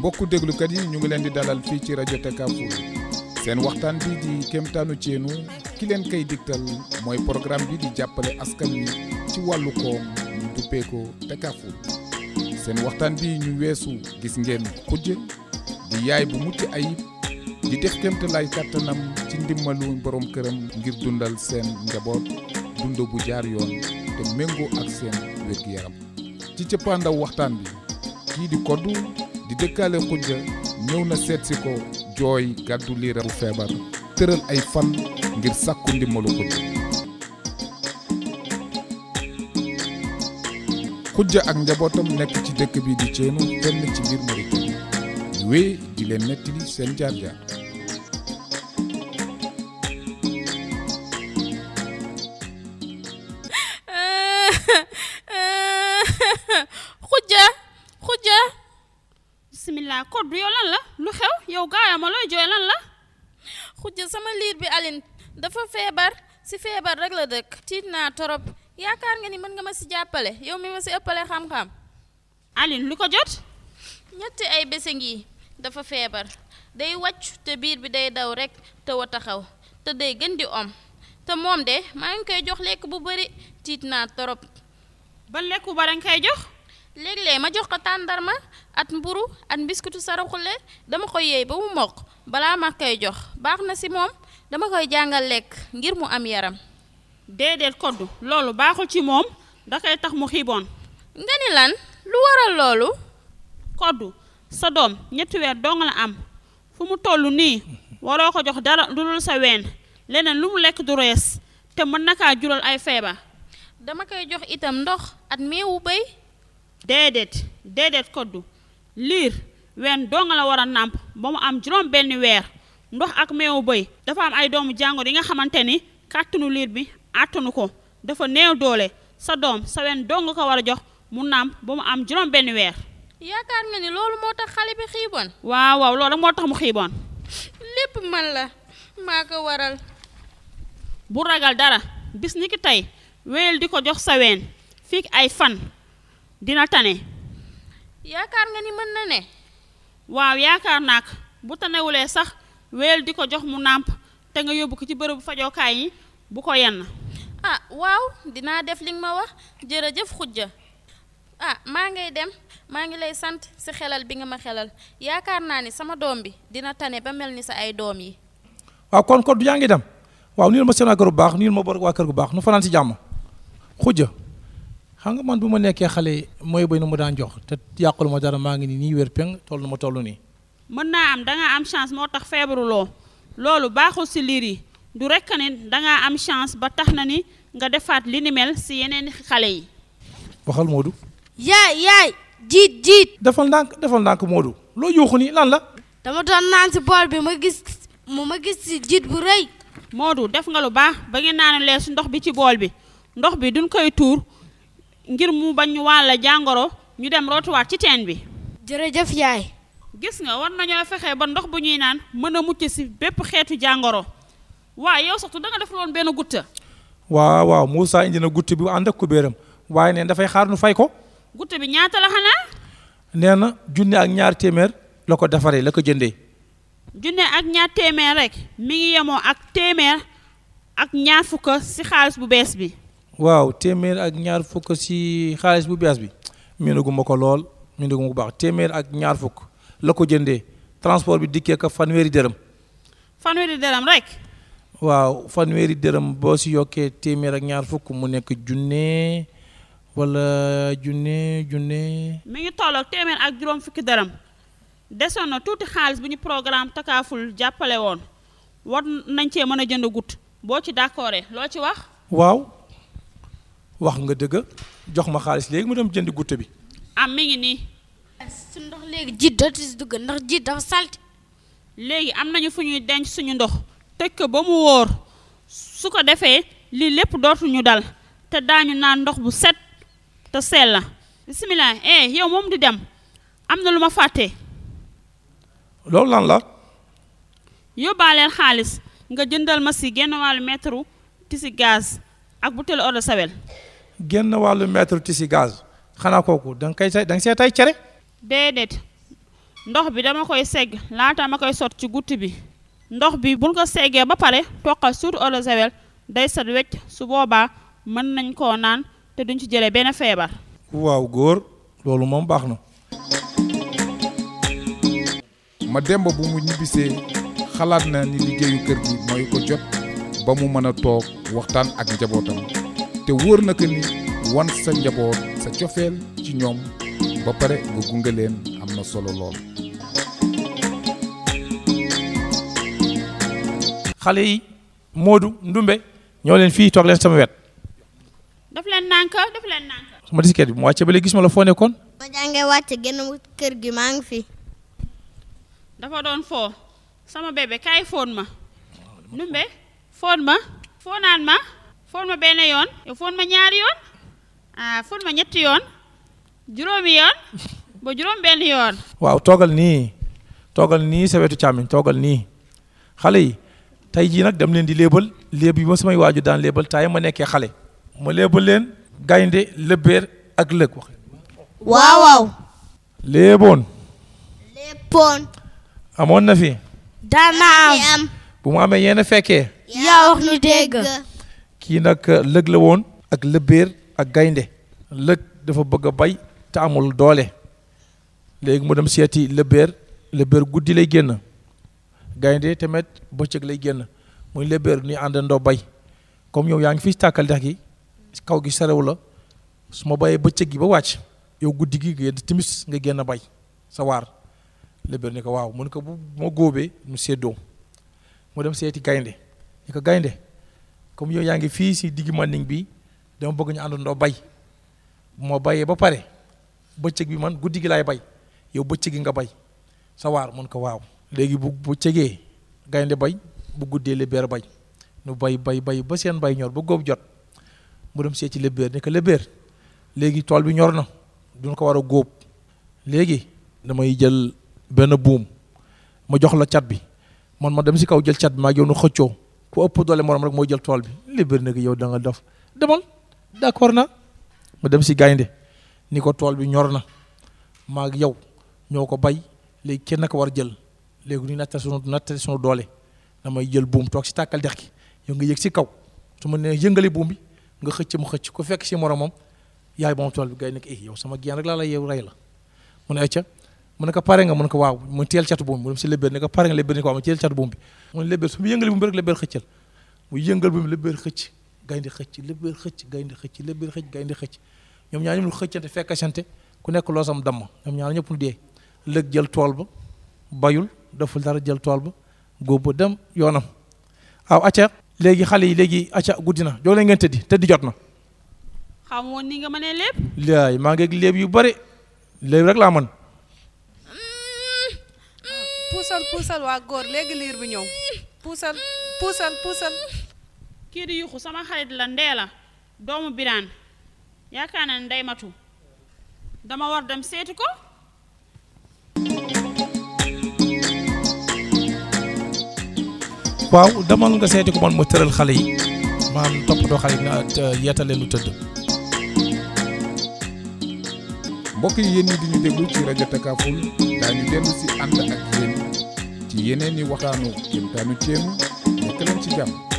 mbokku déglukat yi ñu ngi leen di dalal fii ci rajo Takaful seen waxtaan bi di kéemtaanu ceenu ki leen koy digtal mooy programme bi di jàppale askan wi ci wàllu koom ñu duppee ko Takaful seen waxtaan bi ñu weesu gis ngeen xujj di yaay bu mucc ayib di def kéemtalaay kàttanam ci ndimbalu borom këram ngir dundal seen njaboot dund bu jaar yoon te méngoo ak seen wér-gu-yaram ci cëppaandaw waxtaan bi kii di koddu di dëkkaale xujja ñëw na seet si ko jooy gàddu liira feebar tëral ay fan ngir sàkku ndimbalu xujja xujja ak njabootam nekk ci dëkk bi di ceenu fenn ci biir Mauritanie wéy di leen nettali seen jaar-jaar koddu yow lan la lu xew yow gaayama looy jooy lan la xujja sama liir bi alin dafa feebar si feebar rek la dëkk tiit naa torop yaakaar nga ni mën nga ma si jàppale yow mi ma si ëppale xam-xam Aline lu ko jot ñetti ay bése ngi dafa feebar day wacc te biir bi day daw rekk te wa taxaw te day gën di om te moom de maa ngi koy jox lekk bu bari tiit naa torop ba lekk bu bari koy jox léeg-léeg ma jox ko tàndarma at mburu at biskutu saraxule dama ko yeey ba mu mokk balaa ma koy jox baax na ci moom dama koy jàngal lekk ngir mu am yaram déedéet koddu loolu baaxul ci moom da koy tax mu xiiboon nga ni lan lu waral loolu koddu sa doom ñetti weer dong la am fu mu toll nii waroo ko jox dara lu dul sa ween leneen lu mu lekk du rees te mën na kaa jural ay feebar dama koy jox itam ndox at meewu béy déedéet déedéet koddu liir ween doo nga la war a nàmp ba mu am juróom benn weer ndox ak meewu bëy dafa am ay doomu jàngoro yi nga xamante ni kàttanu liir bi àttanu ko dafa néew doole sa doom sa ween doo nga ko war a jox mu nàmp ba mu am juróom benn weer yaakaar nga ni loolu moo tax xale bi xiiboon waaw waaw loolu moo tax mu xiiboon lépp man la maa ko waral bu ragal dara bis ni ki tey wéyal di ko jox sa ween fii ay fan dina tane yaakaar nga ni mën na ne waaw yaakaar naa ko bu tanewulee sax wéyal di ko jox mu nàmp te nga yóbbu ko ci bërëbu fajookaay yi bu ko yenn ah waaw dinaa def li ma wax jërëjëf xujja ah maa ngay dem maa ngi lay sant si xelal bi nga ma xelal yaakaar naa ni sama doom bi dina tane ba mel ni sa ay doom yi waaw kon kon du yaa ngi dem waaw niil ma seen waa kër bu baax niil ma bor waa kër bu baax nu fanaan si jàmm xujja xam nga man bu ma nekkee xale mooy béy nu mu daan jox te yàqul ma dara maa ngi ni nii wér peng toll nu ma tollu nii. mën naa am da am chance moo tax feebaruloo loolu baaxul si liir yi du rek ne da am chance ba tax na ni nga defaat li ni mel si yeneen xale yi. waxal Modou. yaay yaay jiit jiit. defal ndànk defal ndànk Modou loo yuuxu nii lan la. dama doon naan si bool bi ma gis mu ma gis si jiit bu rëy. Modou def nga lu baax ba ngeen naan lees ndox bi ci bool bi ndox bi duñ koy tuur ngir mu bañ ñu jàngoro ñu dem rootuwaat ci teen bi. jëre jërëjëf yaay. gis nga war nañoo fexe ba ndox bu ñuy naan mën a mucc si bépp xeetu jàngoro waaye yow sax tu def loon benn gutta. waaw waaw Moussa indi na gutta bi ànd ak kubéeram waaye neen dafay xaar nu fay ko. gutta bi ñaata la xanaa. nee na junne ak ñaar téeméer la ko defaree la ko jëndee. junne ak ñaar téeméer rek mi ngi yemoo ak téeméer ak ñaar fukk si xaalis bu bees bi. waaw téeméer ak ñaar fukk si xaalis bu bees bi miinaguma ko lool miinaguma ko baax téeméer ak ñaar la ko jëndee transport bi dikkee ko fanweeri dërëm. fanweeri dërëm rek. waaw fanweeri dërëm boo si yokkee téeméer ak ñaar fukk mu nekk junne wala junne junne. mi ngi toll ak téeméer ak juróom fukki dërëm. desoon na tuuti xaalis bu ñu programme takaaful jàppale woon war nañ cee mën a jënd gut boo ci d'accordé loo ci wax. waaw. wax nga dëgg jox ma xaalis léegi mu dem jënd goutte bi. ah mi ngi nii. su ndox léegi ji dootu si dugg ndax ji dafa salte léegi am nañu fu ñuy denc suñu ndox. teg ko ba mu wóor su ko defee lii lépp dootuñu dal te daañu naan ndox bu set te sell la. bisimilah eh yow moom di dem am na lu ma fàtte. loolu lan la. yóbbaaleel xaalis nga jëndal ma si genn wàllu mètre ti si gaz ak butéelu eau de génn wàllu mètre tisi gaz xanaa kooku da nga koy say da nga see tay cere. déedéet ndox bi dama koy segg laata ma koy sot ci gutti bi ndox bi buñ ko seggee ba pare toqal suutu eau de day set wecc su boobaa mën nañ koo naan te duñ ci jëlee benn feebar. waaw góor loolu moom baax na. ma demb bu mu ñibbisee xalaat na ni liggéeyu kër gi mooy ko jot ba mu mën a toog waxtaan ak njabootam. te wóor na que ni wan sa njaboot sa cofeel ci ñoom ba pare nga gunge leen am na solo lool. xale yi Modou Ndumbe ñoo leen fii toog leen sama wet. daf leen nànk daf leen nànk. sama disket bi mu wàcce ba léegi gis ma la foo nekkoon. ma jàngee wàcce génn kër gi maa ngi fi. dafa doon foo sama bébé kaay foon ma. Ndumbe foon ma. foonaan ma. foon ma benn yoon yow foon ma ñaari yoon ah foon ma ñetti yoon juróomi yoon ba juróom benn yoon waaw toogal nii toogal nii sa wetu càmmiñ toogal nii xale yi tey jii nag dam leen di léebal léeb yi ma samay waaju daan léebal taay ma nekkee xale ma léebal leen gaynde lëbbeer ak lëg waaw waaw léeboon amoon nafi fi daan na am bu mu amee yéen a fekkee yaa wax ñu dégg kii nag euh, lëg la woon ak lëbéer ak gaynde lëg dafa bëgg a bay te amul doole léegi mu dem seeti lëbéer lëbéer guddi lay génn gaynde tamit bëccëg lay génn muy lëbéer ni àndandoo bay comme yow yaa ngi fi tàkkal dex gi kaw gi sarew la su ma bayee bëccëg gi ba wàcc yow guddi gi nga timis nga génn bay sa waar ni ko waaw mun ko bu ma góobee mu séddoo moo dem seeti gaynde ni ko gaynde comme yow yaa ngi fii si digg Manding bi dama bëgg ñu àndandoo bay moo bayee ba pare bëccëg bi man guddi gi laay bay yow bëccëg gi nga bay sawaar waar ko waaw léegi bu bu cegee gaynde bay bu guddee lébéer bay nu bay bay bay ba seen bay ñor ba góob jot mu dem seet ci lébéer ni ko léegi tool bi ñor na duñ ko war a góob léegi damay jël benn buum ma jox la cat bi man ma dem si kaw jël cat bi maa ngi nu xëccoo ku ëpp doole morom rek moo jël tool bi libéri nag yow danga nga dof demal d'accord na ma dem si gaynde ni ko tool bi ñor na maag yow ñoo ko bay léegi kenn ko war jël léegi ñu natta sunu natta sunu doole damay jël buum toog si tàkkal dex gi yow nga yëg si kaw su ma nee yëngale buum bi nga xëcc ma xëcc ku fekk si moromam yaay moom tool bi gaynde ko eh yow sama geen rek laa la yow rey la mu ne acca mu ne ko pare nga mu ne ko waaw mu teel catu buum bi mu dem si lébbéer ne ko pare nga lébbéer ni ko waaw mu teel catu buum bi mu ne lébbéer su mu yëngalee buum bi rek lébbéer xëccal mu yëngal buum bi lébbéer xëcc gaynde xëcc lébbéer xëcc gaynde xëcc lébbéer xëcc gaynde xëcc ñoom ñaar ñoom lu xëccante fekkasante ku nekk loo sam damm ñoom ñaar ñëpp lu dee lëg jël tool ba bayul deful dara jël tool ba góob ba dem yoonam aw acca léegi xale yi léegi acca guddi na jóg leen ngeen tëddi tëddi jot na xamoon ni nga mënee lépp laay maa ngi léeb yu bari léeb rek laa mën puusal puusal waa góor léegi liir bi ñëw puusal puusal puusal kii di yuxu sama xarit la ndee la doomu biraan yaakaar na ndey matu dama war dem seeti ko waaw demal nga seeti ko man mu tëral xale yi maanaam toppatoo xale yi na yeetaleen lu tëdd mbokk yi yéen ñi di ñu déglu ci rajo Takaful daañu si ànd ak yéen ci yeneen i waxtaanu kéemtaanu ceem nekk leen ci jàmm.